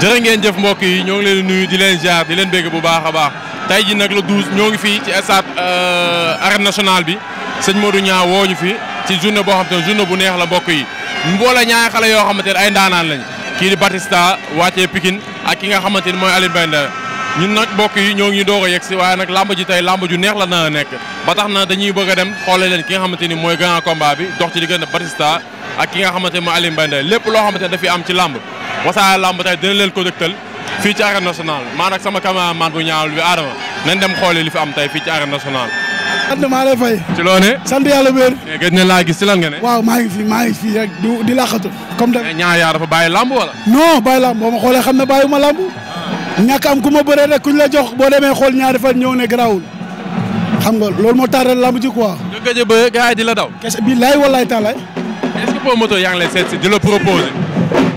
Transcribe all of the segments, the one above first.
jërë ngeen jëf mbokk yi ñoo ngi leen nuyu di leen jaar di leen bégg bu baax a baax tey ji nag le 12 ñoo ngi fii ci stade euh, arène nationale bi sëñ Modou Niang woo ñu fi ci journée boo xam ne journée bu neex la mbokk yi mboole ñaari xale yoo xamante ne ay ndaanaan lañ kii di Batista wàccee Pikine ak ki nga xamante ni mooy Alioune ñu Nder mbokk yi ñoo ngi ñu doog a yegg si waaye nag làmb ji tey làmb ju neex la na nekk ba tax na dañuy bëgg a dem xoole ki nga xamante ni mooy grand combat bi dox ci diggante Batista ak ki nga xamante ni mooy lépp loo xamante ne dafi am ci làmb Wassare Lamb tey dina leen ko dëgtal fii ci arène nationale maa nag sama cameraman bu ñaawul bi Adama nañ dem xooli li fi am tey fii ci arène nationale. sant maa lay fay. ci loo ne. sant yàlla wér. Eh, gëj na laa gis lan nga waaw maa ngi fi maa ngi fi rek du di laqatu. comme tamit eh, yaa dafa bàyyi lamb wala. non bàyyi lamb boo ma xoolee xam ne bàyyi ma lamb. ñàkk am ku ma bëree rek kuñ la jox boo demee xool ñaari fa ñëw ne garaawul. xam nga loolu moo tardé lamb ji quoi. nga a bëre gars yi di la daw. kese billaay wallaay taalaay. est-ce que promoteur yaa ngi seet si la proposer.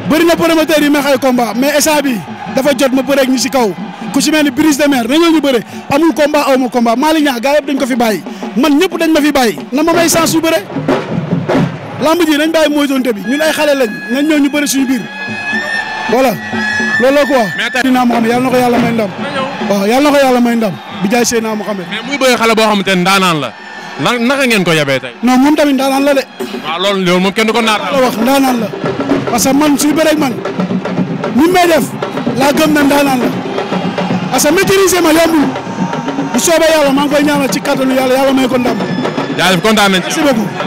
bëri na promoteur yi meex ay combat mais instant bi dafa jot ma bëreeg ñi kaw ku si mel ni brise de mer nañoo ñu bëre amul combat aw ma combat maa li ñaa gaa yëpp dañ ko fi bàyyi man ñëpp dañ ma fi bàyyi na ma may sens su bëre lamb ji nañ bàyyi mooy doonte bi ñun ay xale lañ nañ ñëw ñu bëre suñu biir voilà loolu la quoi. mais tey dinaa Mouhamed yàlla na ko yàlla may ndam. waaw yàlla na ko yàlla may ndam bi jaay Seydina Mouhamed. mais muy bëre xale boo xamante ne ndaanaan la naka ngeen ko yabee te no moom tamit ndaanaan la de. ko naataal. wax ndaanaan la parce que man suy bëreeg man ni may laa gëm na ndaanaan la parce que maîtriser ma yombul bu soobee yàlla maa ngi koy ñaanal ci kàttanu yàlla yàlla may ko ndam. jaajëf kontaan nañ merci beaucoup.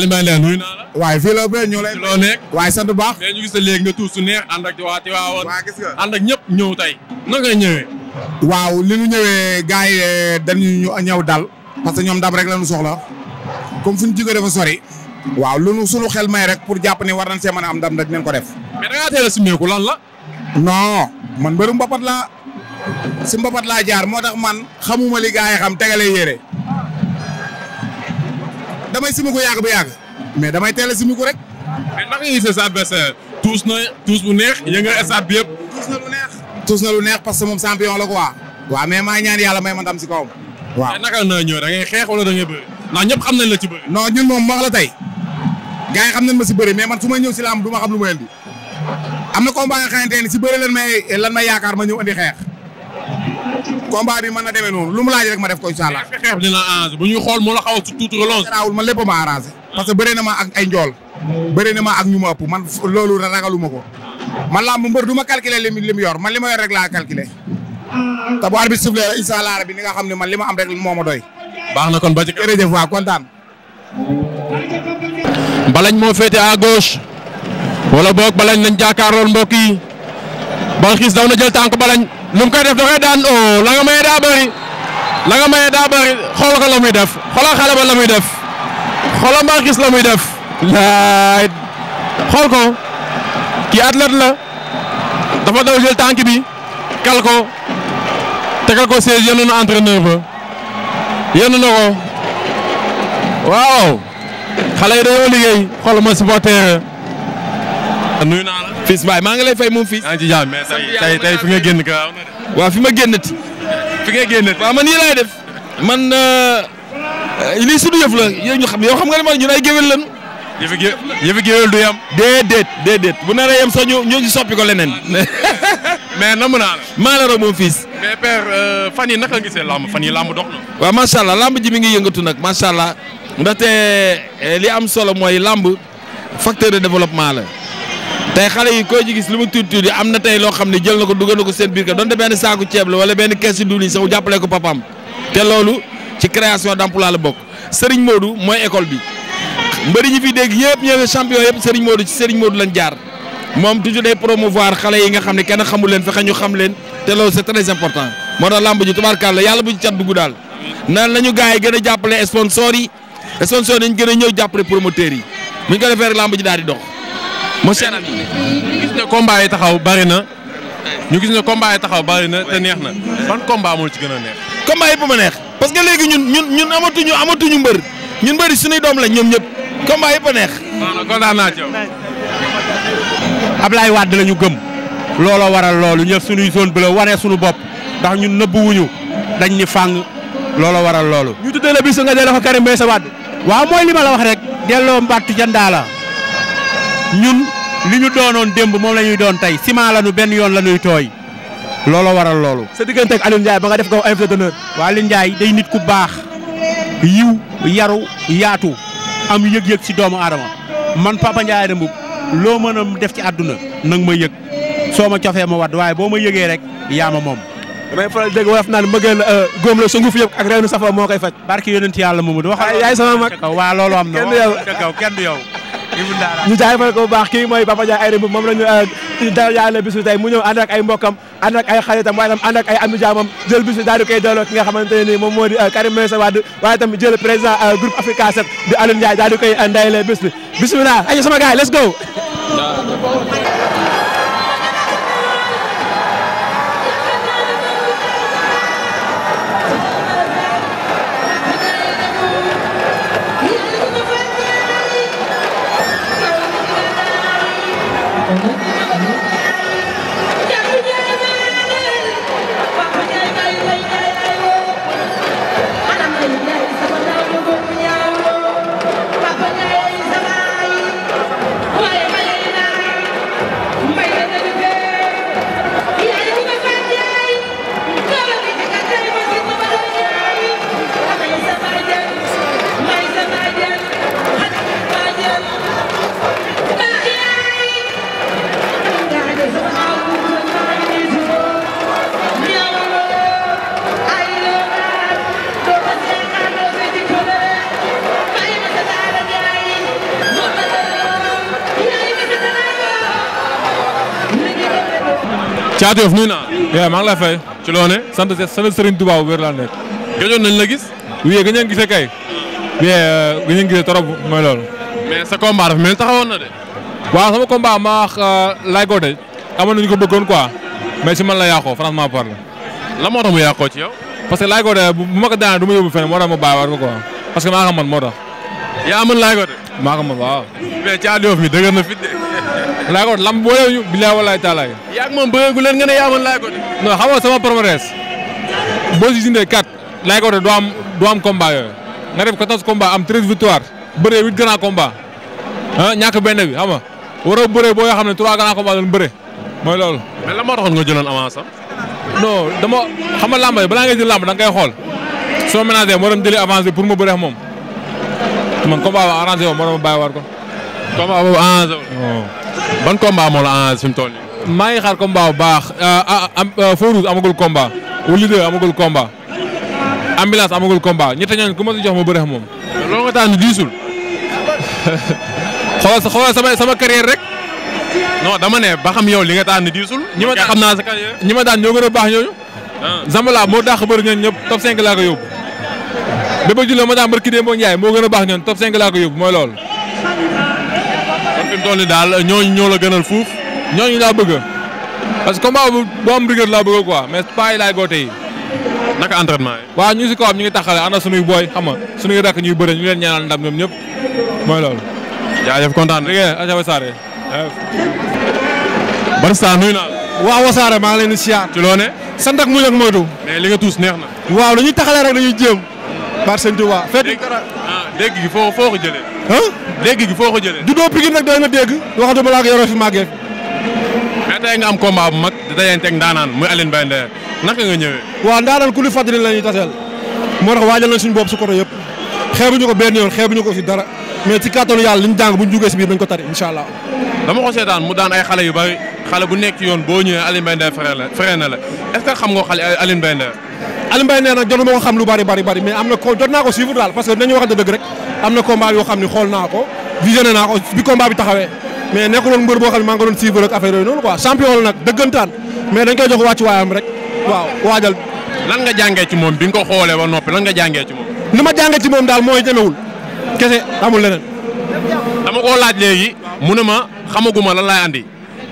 Alioune Mbaye nuyu naa la. waaye fii la ba ñu lay. loo nekk waaye sant bu baax. mais ñu gis la tey. na ngay waaw li ñu ñëwee gars yi eh, dañu ñëw dal. parce que ñoom ndam rek la ñu soxla. comme fu ñu jigéen dafa sori. waaw lu nu suñu xel may rek pour jàpp ne war nañ see mën a am ko def. mais da ngaa a simmeeku lan la. non man mbërum mbapat laa. si mbapat laa moo tax man xamuma li xam tegalee yére damay simiku yàgg bu yàgg mais damay teel a simiku rek. mais naka nga gisee sa tuus na tuus bu neex yëngal stade bi yëpp. tuus na lu neex. tuus parce que moom champion la quoi. waaw mais maa ñaan yàlla may ma ndam si kawam. waa mais naka ñëw da ngay xeex wala da ngay bëri. ndax ñëpp xam na la ci bëri. non ñun moom wax la tey. gars yi xam na ma si bëri mais man fu may ñëw si làmb du ma xam lu ma indi. am na combat nga xamante ne si bëri lan may lan may yaakaar ma ñëw indi xeex combat bi mën na demee noonu lu mu laaj rek ma def ko incha bu ñuy xool mu la xaw a tuuti relance. garaawul man ma arrangé. parce que bëri na ma ak ay njool. bëri na ma ak ñu ma ëpp man loolu ragalu ma ko. man làmb mbër du ma calculer li li mu yor man li yor rek laa calculer. te bu arbitre sifflé incha allah ni nga xam ne man li am rek moo ma baax na kon ba ci jërëjëf waa kontaan. balañ moo féete à wala boog balañ nañ jàkkaarlool mbokk yi. Balxiis daw lu mu da koy daan oh la nga maye daa bëri la ko la muy def xoolal xale la muy def xoolal maa gis la muy def. laay xool ko kii athlète la dafa daw jël tànk bi kal ko tegal ko siège yenn na entraîneur ba yenn na ko waaw xale yi dañoo liggéey xool ma supporter Fils maa ngi lay fay moom fii. yaa ngi tey tey fi nga waaw fi ma génnati. fi nga génnati waaw man nii laay man euh, euh, lii suñu yëf la yow ñu xam yow xam nga ne man ñun ay géwél lañu. yëfi bu naree yem sax ñu ñu soppi ko leneen. mais namm naa la. maa la roog moom Fils. mais euh, fan yi naka nga gisee làmb fan yi làmb dox na. waaw macha allah làmb ji mi ngi yëngatu nag macha allah li am solo mooy làmb facteur de développement la. tey xale yi koo ci gis lu mu tuuti tuuti am na tey loo xam ne jël na ko dugal na ko seen biir ka donte benn saaku ceeb la wala benn kees yu dul yi sax jàppale ko papaam te loolu ci création d'emploi la bokk Serigne Modou mooy école bi mbëri ñi fi dégg yëpp ñëwee champion yëpp Serigne Modou ci Serigne Modou lañ jaar moom toujours day promouvoir xale yi nga xam ne kenn xamu leen fexe ñu xam leen te loolu c'est très important moo tax làmb ji tubaarkàlla yàlla la ñu gars yi gën a jàppale sponsors yi sponsors yi dañ gën a ñëw jàppale promoteurs yi bu ji daal di dox mu seetaan ñu gis ne combat yi taxaw bari na ñu gis ne combat yi taxaw bari na te neex na ban combat moo ci gën a neex. combat yëpp ma neex parce que léegi ñun ñun ñun amatuñu amatuñu mbër ñun mbëri suñuy doom lañ ñoom ñëpp combat yi a neex. waaw kontaan naa ci yow. Ablaye Wade gëm looloo waral loolu ñëpp suñuy son bi la waree suñu bopp ndax ñun nëbbu wuñu dañ ni fàng looloo waral loolu. ñu tuddee la bis nga delloo ko Karim Meïssa Wade waaw mooy li ma la wax rek delloo mbattu jandaa la ñun li ñu doonoon démb moom la ñuy doon tey ciment la ñu benn yoon la ñuy tooy. looloo waral loolu. sa diggante ak Alioune Ndiaye ba nga def ko invité d'honneur. waa Alioune day nit ku baax yiw yaru yaatu am yëg-yëg ci doomu aadama man Papa Ndiaye Demba loo mën a def ci adduna nang ma yëg soo ma cofee ma wadd waaye boo ma yëgee rek yaa ma moom. damay faral dégg wolof naan mbëggeel euh, góom la sunguf yëpp ak reenu safa moo koy faj. barki yonent yàlla moomu. waxal yaay sama mag waaw loolu am na kenn du yow kenn du yow. ñu jaay ma ko bu baax kii mooy Papa Ndiaye moom la ñu euh, dara yàlla bisu tey mu ñëw ànd ay mbokkam ànd ay xaritam waaye tam ànd ak ay ami jaamam jël bisu daal di koy delloo ki nga xamante ne nii moom moo di euh, Karim Meïssa Wade waaye tam jël président euh, groupe Africa 7 di Alioune Ndiaye daal di koy ndaylee bis bi bisimilah ay sama gars let's go Caatu Yoff nuyu naa. yaa maa ngi lay fay. ci loo ne. sant sant Serigne Touba bu wér laa nekk. gëjoon nañ la gis. oui gëj nañ gisee kay. oui euh, gëj nañ gisee trop mooy loolu. mais sa combat dafa mel taxawoon na de. waaw sama combat maa euh, laay ko de amoon nañu ko bëggoon quoi mais si man la yàqoo franchement parle. la moo tax mu yàqoo ci yow. parce que laay ko de bu ma ko daanee du ma yóbbu fenn moo tax ma bàyyiwaat ko quoi parce que maa ko mën moo tax. yaa mën laay ko de. maa ko mën waaw. mais Caatu Yoff mi dëgër na fit de. laay ko lamb boole ñu bilaay walaay taalaay. yaa ngi moom bëggu leen nga ne yaa man laay ko de. non xam nga sama palmarès boo si jëndee 4 laay ko de doo am doo am combat yooyu nga def 14 combats am 13 victoire bëree 8 grands combats ah ñàkk benn bi xam nga waroo bëree boo xam ne 3 grands combats doon bëree mooy loolu. mais lan moo taxoon nga jëloon avance am. non dama xam nga lamb yi balaa ngay jël lamb da ngay xool soo ménagé moo doon jëlee avance bi pour ma bëree moom man combat ba arrangé wu ma doon bàyyiwaat ko. combat boobu arrangé wu. Oh. ban combat moo la arrangé fi maa ngi xaar combat bu baax euh, ah, am Feu Rouge amagul combat Wouly amagul combat ambulance amagul combat ñett ñooñu ku ma si jox ma bëreex moom. loolu nga tànn diisul xoolal xoolal sama sama carrière rek. non dama ne ba xam yow li nga daan diisul. ñi ma xam naa sa carrière ñi ma daan ñoo gën a baax ñooñu. Ah. Zambala moo dàq bëri ñoom ñëpp laa ko yóbbu. Bébé Diouldé ma daan barki Demba Ndiaye moo gën a baax ñoom top 5 laa ko yóbbu mooy loolu. fi mu toll nii daal ñooñu ñoo la gënal fuuf ñooñu laa bëgg parce que combat bu bu am rigueur laa bëgg quoi mais laay goote yi. naka entraînement yi. waaw ñu si ko am ñu ngi taxale ana sunuy booy xam nga sunuy rakk ñuy bëre ñu leen ñaanal ndam ñoom ñëpp mooy loolu. jaajëf kontaan nañu dégg nga Wassare. Barista nuyu naa la. waaw maa leen di siyaar. ci loo ne. sant ak muñ ak moytu. mais li nga tuus neex na. waaw dañuy taxalee ah, gi foo foo ko jëlee. dégg gi foo ko jëlee. juddoo Pikine nag dana dégg waxatuma la ak yoroo fi màggee. mais tey nga am combat bu mag da dajanteeg ndaanaan muy Alioune Mbaye Nder naka nga ñëwee. waaw ndaanaan ku li fàttali la ñuy taseel. moo tax waajal nañ suñu bopp su côté yëpp xeebuñu ko benn yoon xeebuñu ko si dara mais ci kàttanu yàlla liñ jàng buñ jugee si biir nañ ko tari incha allah. dama ko seetaan mu daan ay xale yu bari xale bu nekk yoon boo ñëwee Alioune Mbaye Nder fere la fere na la est ce que xam nga xale na ko jot naa ko am na combat yoo xam ne xool naa ko visionné naa ko bi combat bi taxawee mais nekkul woon mbër boo xam ne maa ngi doon suivre ak affaire yooyu noonu quoi champion la nag dëggantaan mais dañ koy jox wàccu waayam rek waaw waajal. lan nga jàngee ci moom bi nga ko xoolee ba noppi lan nga jàngee ci moom. ni ma jàngee ci moom daal mooy ñemewul kese amul leneen. dama koo laaj léegi mu ne ma xamaguma lan laay andi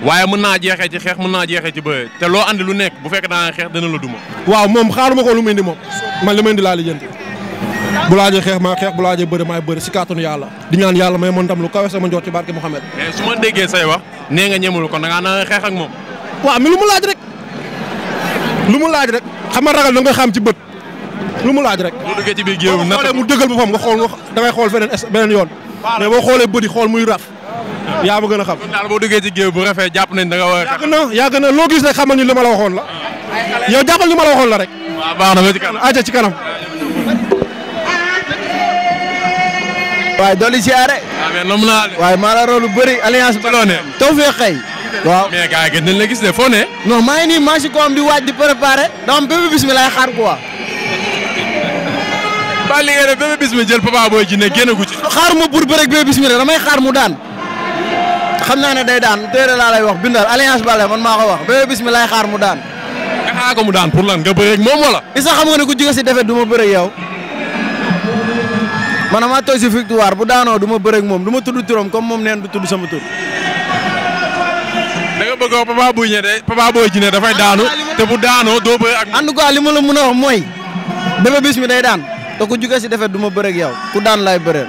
waaye mën naa jeexee ci xeex mën naa jeexee ci te loo andi lu nekk bu fekk daa xeex dana la duma. waaw moom xaaruma ko lu muy indi moom man li may indi laa lijjanti bu laajee xeex maa xeex bu laajee bëri maay bëri si kàttanu yàlla di ñaan yàlla may mën ndam lu kawe sama njoot ci barke Mouhamed mais su ma déggee say wax nee nga ñemul kon da ngaa na xeex moom waaw mi lu mu laaj rek lu mu laaj rek xam a ragal da nga xam ci bët lu mu laaj rek bu duggee ci biir géew na mu dëggal boppam nga xool nga da ngay xool beneen beneen yoon mais boo xoolee bëri xool muy raf yaa ma gën a xam daal boo duggee ci géew bu rafee jàpp nañ da nga war a yàgg na yàgg loo gis rek xamal ñu li ma la waxoon la yow jàppal li ma la waxoon la rek waaw baax na ba ci kanam ci kanam waaye dolli siyaare. waaye maa roolu bëri alliance ba. tawfeex xëy. waaw mais gars la gis ne foo ne. non maa ngi nii maa si koom waaj di préparer. dama bépp bis mi lay xaar quoi. ba li ngeen def bépp bis mi jël papa booy ji ne génn ci. xaaruma pour bëreeg bépp bis mi xaar mu daan. naa ne day daan laa lay wax bindal alliance Baldé man maa ko wax bépp bis xaar mu daan. nga xaar ko mu daan pour lan nga bëreeg moom wala. isa xam nga ne si defet du ma bëreeg yow. man damaa toog si bu daanoo du ma bëreeg moom du ma tudd turam comme moom neen du tudd sama tur. da nga bëgg Papa Boy Djiné Papa Boy bu daanoo doo bëri ak. en ma la mën a wax mooy Bébé Bismi day daan te ku jugee si defet du ma bëreeg yow ku daan laay bëreel.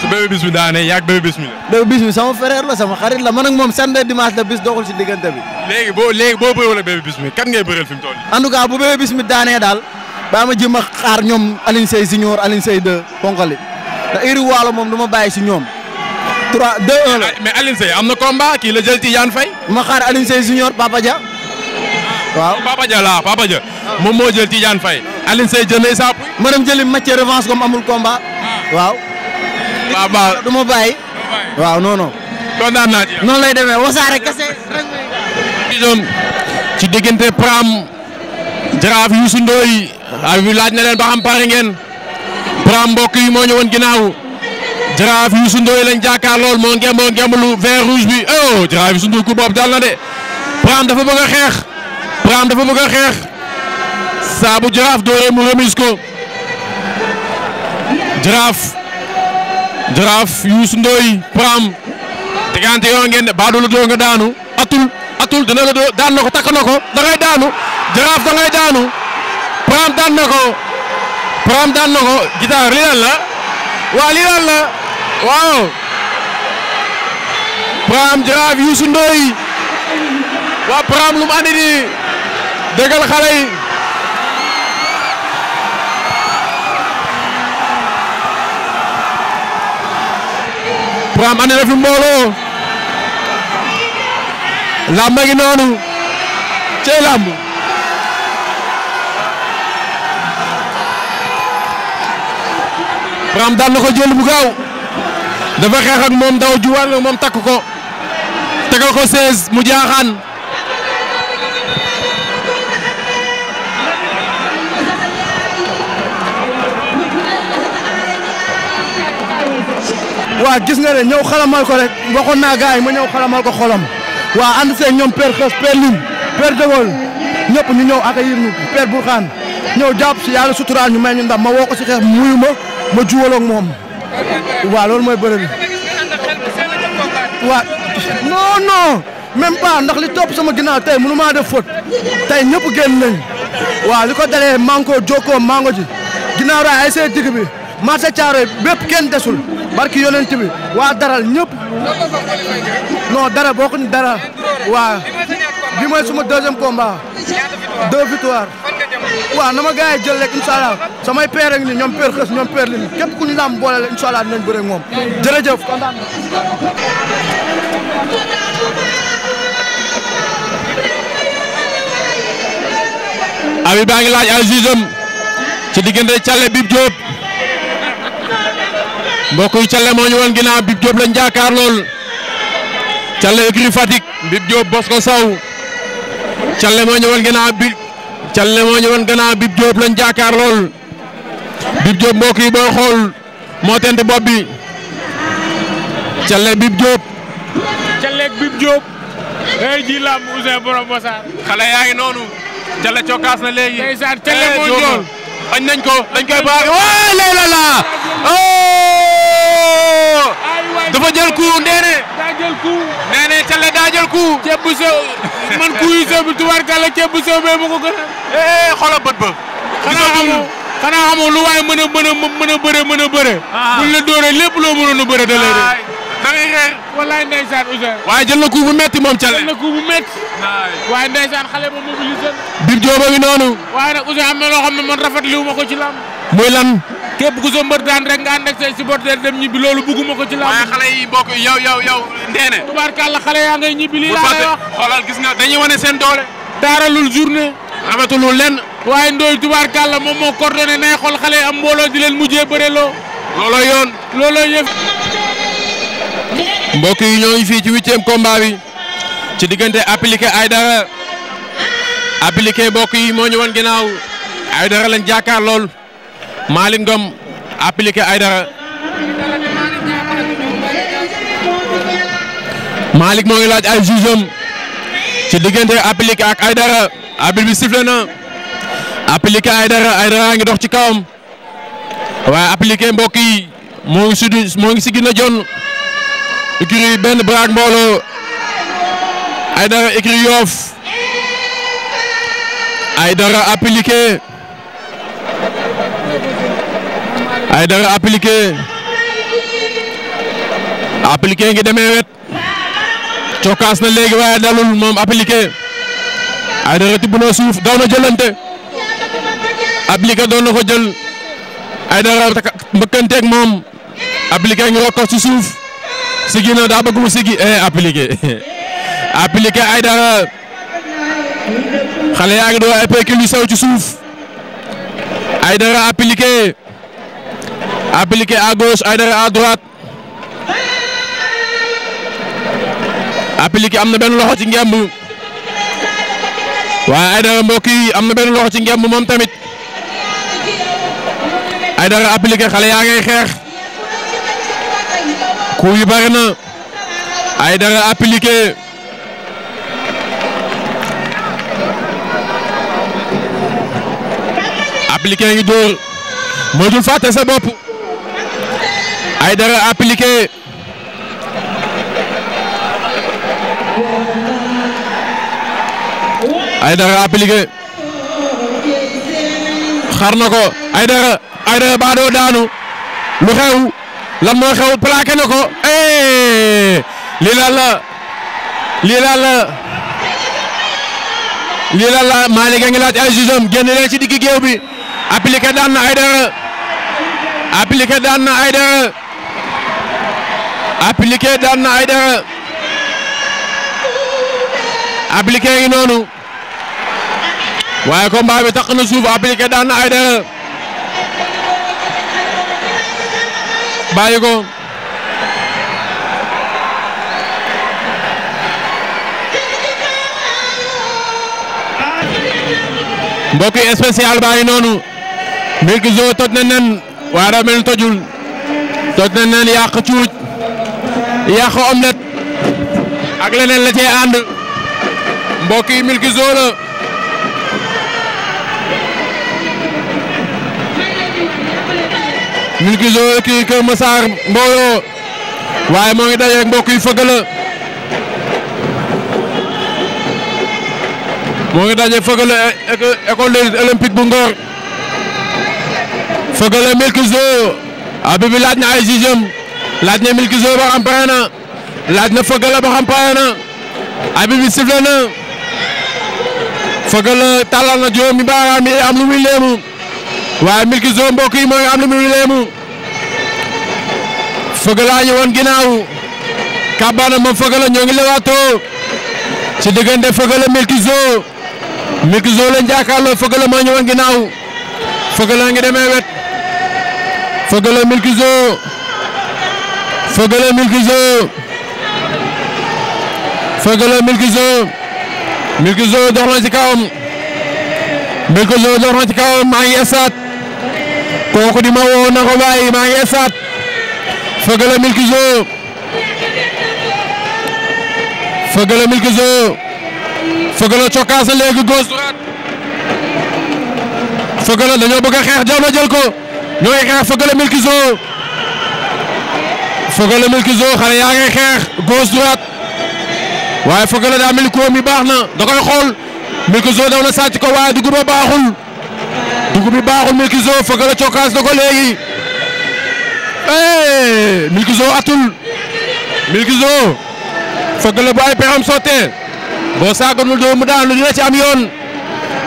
su Bébé Bismi daanee yaa ngi Bébé Bismi la. Bébé Bismi sama frère la sama xarit la man ak moom samedi dimanche la bis doxul si diggante bi. léegi boo léegi boo bëriwul ak Bébé Bismi daal baa ma jéem a xaar ñoom Alioune Seye Junior Alioune Seye 2 ponkali da iri waalo moom du ma bàyyi si ñoom. 3 2 1 la mais Alioune Seye am na combat kii la jël Tidiane Faye. ma xaar Alioune Seye Junior Papa Dia. waaw Papa Dia laa Papa Dia. moom moo jël Tidiane Faye. Alioune Seye jël na Issa Pouye. ma dem jëli match revanche comme amul combat. Ah. waaw. waaw du ma bàyyi. waaw non non. ci noonu lay demee wasaare kese rek. ci diggante Jaraaf Youssou Ndoye abi bi laaj na leen ba xam pare ngeen Bram mbokk yi moo ñëwoon ginnaaw Jaraaf Youssou Ndoye lañ jàkkaar lool moo ngeem moo ngeem lu vert rouge bi oh, Jaraaf Youssou Ndoye ku boobu dal na de Bram dafa bëgg xeex Bram dafa bëgg xeex saabu Jaraaf doore mu ko Jaraaf Jaraaf Youssou Ndoye Bram diggante yoo ngeen ne baadu la doo nga daanu atul atul dina la doo daan na ko takk na daanu Jaraaf da daanu. Pram daan na ko Pram daan gitaar lii lan la waaw lii lan la waaw Pram Jaraaf Youssou Ndoye waaw Pram lu mu andi nii dëggal xale fi mbooloo làmb gi noonu cee làmb Bram daan na ko jël bu gaaw dafa xeex ak moom daw juwaan moom takk ko tegal ko 16 mu jaaxaan. waa gis nga ne ñëw xalamal ko rek waxoon naa gars ma ñëw xalamal ko xolam waa ànd see ñoom père xës père lim père dégol ñëpp ñu ñëw accueillir ñu père Bourkhane ñëw jàpp si yàlla suturaal ñu may ñu ma woo si xeex muyu ma ma juwaloog moom waaw loolu mooy bëre bi waaw non non même pas ndax li topp sama ginnaaw tey mënu maa def faute tey ñëpp génn nañ waaw li ko dalee manko jokkoo mango ji ginnaaw raay ay see digg bi marché bépp kenn desul barki yonent bi waa daral ñëpp non dara bokkuñ dara waaw bi mooy suma deuxième combat deux victoires waaw na ma gars yi jël rek incha allah samay père ni ñoom père xës ñoom père lin képp ku ñu laam boole la incha allah dinañ bëre moom jërëjëf kontaan abi baa ngi laaj ay jugeem ci diggante Thialé Bib Diop mbokk yi Thialé moo ñu woon ginnaaw Bib jaakaar lool Thialé écurie Fatick Bib Diop Bosco Sow Thialé moo ñu woon Calle moo ñëwoon gannaaw Bib Diop lañ jaakaar lool Bib Diop mbokk yi moo tent bopp bi Calle Bib Diop. Calle ak Bib Diop. ay ji lamb Ousseyn borom Wassare. xale yaa ngi noonu. Calle cokkaas na léegi. ndeysaan Calle moo ñëwoon añ nañ ko dañ koy baax. waaw léeg-léeg dafa jël coup Ndéné. daa jël coup. Ndéné Talle daa jël coup. ceeb bu sew man coup yu sew bi tubaarkàlla ceeb bu sew bee ma ko gën eh, bët ba. xanaa xamoo lu waaye mën a mën a mën a bëre mën a ah. lépp loo mënoon a bëre da lay def. da ngay xeex. wallaay ndeysaan Ousseyn. waaye jël na coup bu metti moom Talle. jël na coup noonu. waaye nag Ousseyn am na loo man rafetlu wu ma ko ci lamb. muy lan. képp ku sa mbër daan rek nga ànd ak say supporter dem ñibbi loolu bugguma ko ci làmb. waaye xale yi bokk yow yow yow ndeene. tubaarkàlla xale yaa ngay ñibbi lii laa lay xoolal gis nga dañuy wane seen doole. daaralul journée. amatulul lenn. waaye Ndoye tubaarkàlla moom moo coordonné nay xool xale yi am mbooloo di leen mujjee bëreloo. looloo yoon. looloo yëf. mbokk yi ñoo ngi fii ci huitième combat bi. ci diggante appliqué ay dara. appliqué mbokk yi moo ñu ginnaaw. ay lañ jàkkaar Malick Ngom appliqué ay dara malik moo ngi laaj ay jugeem ci diggante appliqué ak ay dara arbitre bi sifflé na appliqué ay dara ay dara ngi dox ci kawam waaye appliqué mbokk yi moo ngi moo ngi si gën a jon écurie benn braak mbooloo ay dara écurie Yoff ay dara appliqué Aidara appliqué appliqué ngi demee wet cokkaas na léegi waaye dalul moom appliqué Aidara tibb na suuf daw na jëlante appliqué doon na ko jël Aidara mbëkkanteeg moom appliqué ngi rokkas ci suuf sigi na daa bëgg mu sigi eh appliqué appliqué Aidara xale yaa ngi doon ay pékil yu ci suuf Aidara appliqué. appliqué à gauche Aidara à droite am na benn loxo ci ngemb waaye Aidara mbokk yi am na benn loxo ci ngemb moom tamit Aidara appliqué xale yaa ngay xeex coup yi bari na Aidara appliqué appliqué ngi dóor moytul fàtte sa Aidara appliqué Aidara appliqué na ko Aidara Aidara ba daanu lu xew lan moo xew plaqué na ko eh! lii daal la lii daal la lii ay jugeem génn leen ci digg géew bi appliqué daan na Aidara appliqué daan na Aidara appliqué daan na ay dara appliqué ngi noonu waaye combat bi tax na suuf appliqué daan na ay dara bàyyi ko mbokk yi spécial baa ngi noonu Milkzo toj na nen waaye daa tojul toj na nen yàq cuuj yàq omelette ak leneen la cee ànd mbokk yi Milki Zo la Milki kii Kër Massar Mboyo waaye moo ngi dajeeg mbokk yi fëgg moo ngi dajeeg fëgg la école olympique bu Ngor fëgg la Milki Zo ay jijëm laaj na Milki Zo ba xam laaj na Feugeula ba xam pare na abi bi sifle na Feugeula na juróomi baaraam am lu muy waaye Milki Zo mbokk mooy am lu muy leemu Feugeula ñu woon ginnaaw kàbbaana ñoo ngi lewaatoo ci diggante Feugeula Milki Zo Milki Zo lañ jàkkaarloo Feugeula moo ñu woon ginnaaw Feugeula wet Feugeula Milki Zo Feugeleu Milkzo Feugeleu Milkzo Milkzo dox na ci kawam Milkzo dox na ci kawam maa ngi esaat kooku di ma woo na ko bàyyi maa ngi esaat Feugeleu Milkzo Feugeleu Milkzo Feugeleu cokkaas na léegi gauche droite Feugeleu dañoo bëgg a xeex jaw na jël ko ñoo ngi xeex Feugeleu Milkzo Feugeuleu Milkzo xale yaa ngi xeex gauche droite waaye Feugeuleu daa mel ni baax na da koy xool Milkzo daw na sàcc ko waaye dugub ba baaxul dugub bi baaxul Milkzo Feugeuleu cokkaas na ko léegi eh, Milkzo atul Milkzo Feugeuleu bu ay pexam sottee boo saagoonul doo mu daanu dina ci am yoon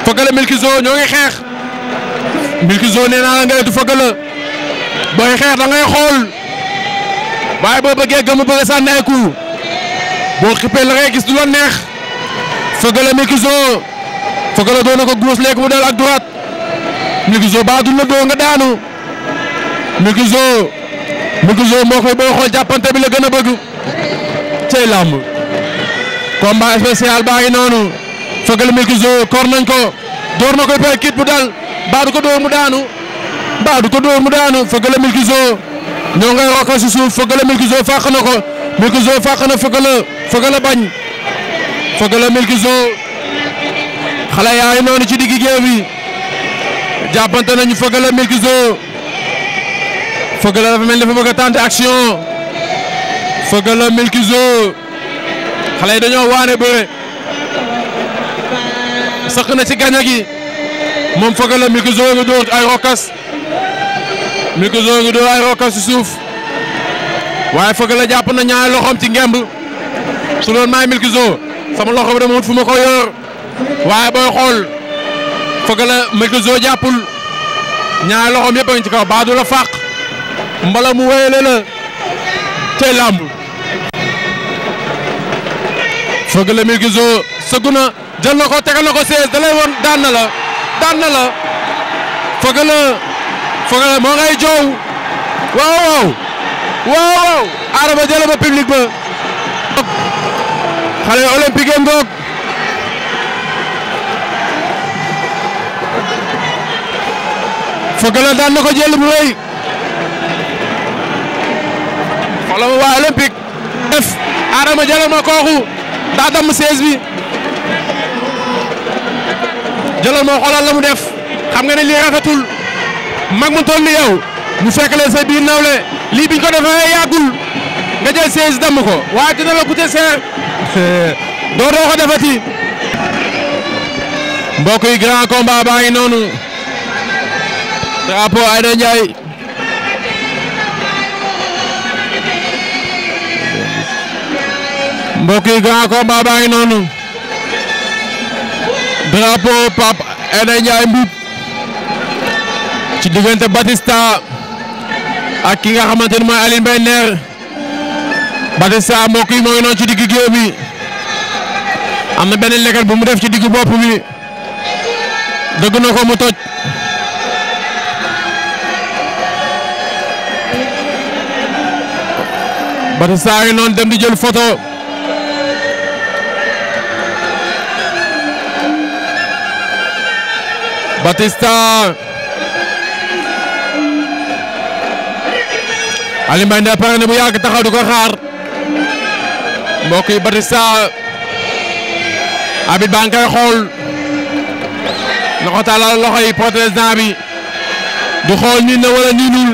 Feugeuleu Milkzo ñoo ngi xeex Milkzo nee naa la ngay du booy xeex da xool. waaye boo bëggee gëm bëgg a sànni ay coup boo xippee la gis du la neex Feugeula Milkzo Feugeula doon na ko guus léegi mu dal ak droite Milkzo ba dul la doo nga daanu Milkzo Milkzo moo koy xool jàppante bi la gën a bëgg cey làmb combat spécial baa ngi noonu Feugeula Milkzo kor nañ ko door na koy per kit bu dal baadu ko door mu daanu baadu ko door mu ñoo ngay rokkoo si suuf Feugeuleu Milkzo fàq na ko Milkzo fàq na Feugeuleu Feugeuleu bañ Feugeuleu Milkzo xale yaay noonu ci digg géew bi jàppante nañu Feugeuleu Milkzo Feugeuleu dafa mel ni dafa bëgg a tenter action Feugeuleu Milkzo xale yi dañoo waane bëre sëq na ci gaña gi moom Feugeuleu Milkzo nga dóor ay rokkas Milkzo ngi doo ay rokka si suuf waaye Feugeuleu jàpp na ñaari loxoom ci ngemb su loolu maay Milkzo sama loxo bi dama wut fu ma ko yor waaye booy xool Feugeuleu Milkzo jàppul ñaari loxoom yëpp ci kaw baadu la fàq mbala mu wéyale la tey làmb Feugeuleu Milkzo sëggu na jël na ko tegal na ko sees da woon daan na la daan na la Feugeuleu Feugeleu moo ngay joow waaw waaw waaw waaw Adama jëlee ba public daan na ko jël bu rëy ma waa olympique. def Adama jëlee ma kooku daa damm 16 bi jëlal ma xoolal la mu def xam nga ne lii rafetul. mag mu toll yow mu fekk leen sa biir nawle lii biñ ko defee yàggul nga jël séese damm ko waaye dina la coûter cher doo ko defati. mbokk yi grand combat yi grand combat baa noonu drapeau Pape Aïda Ndiaye ci diggante Batista ak ki nga xamante ni mooy Alioune Mbaye Nder Batista mbokk yi moo ngi ci digg géew bi am na benn lekkat bu mu def ci digg bopp bi dëgg na ko mu toj Batista a ngi noonu dem di jël photo Batista Alioune Mbaye Nder pare na bu yàgg taxaw di ko xaar mbokk yi Batista abit baa ngi koy xool loxo tàllal loxo yi protestant bi du xool nii na wala nii nul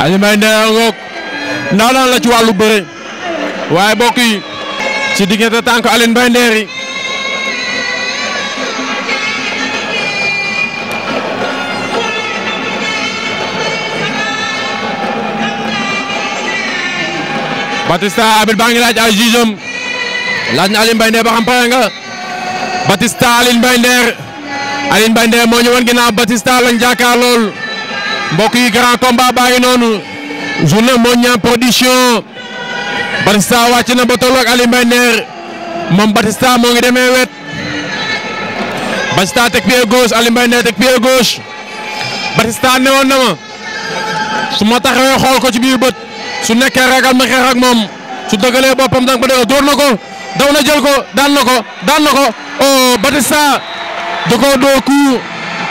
Alioune Mbaye Nder la ci wàllu bëre waaye mbokk yi ci diggante tànk Alioune Mbaye Nder yi Batista abit baa ngi laaj ay jugeem laaj na Alioune Mbaye ba xam pare nga Batista Alioune Mbaye Nder Alioune Mbaye Nder moo ñëwoon Batista lañ jàkkaar lool mbokk yi grand combat baa moo noonu journée Mouniang production Batista wàcc na ba tolloog moom Batista moo ngi demee wet Batista teg pied gauche Alioune Mbaye teg pied gauche Batista newoon na ma su ma taxawee xool ko ci biir su nekkee ragal na xeex ak moom su dëgalee boppam danga ba dëgg dóor na ko daw na jël ko daan ko daan ko oh Batista da koo doo ku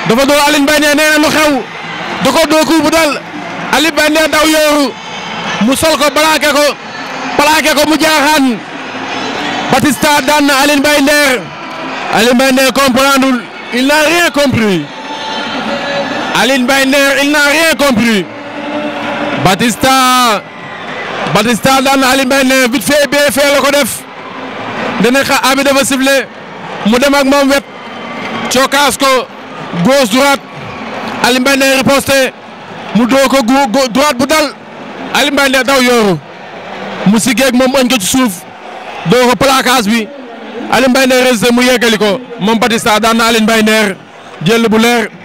dafa doo Alioune Mbaye nee na xew da koo doo bu dal Alioune Mbaye daw yooru mu sol ko plaqué ko plaqué ko mu jaaxaan Batista daan na Alioune Mbaye Nder comprendul il n'a rien compris Alioune Mbaye il n'a rien compris Batista Batista daan na Aliou Mbaye ne vite fait ko def dana xa abi dafa sifflé mu dem ak moom wet cookaas ko gauche droite Aliou Mbaye ne mu doo ko bu dal Aliou Mbaye daw yooru mu siggeeg moom añ ko suuf doo ko bi Aliou Mbaye ne mu yeggali ko moom Batista daan na Aliou jël bu leer.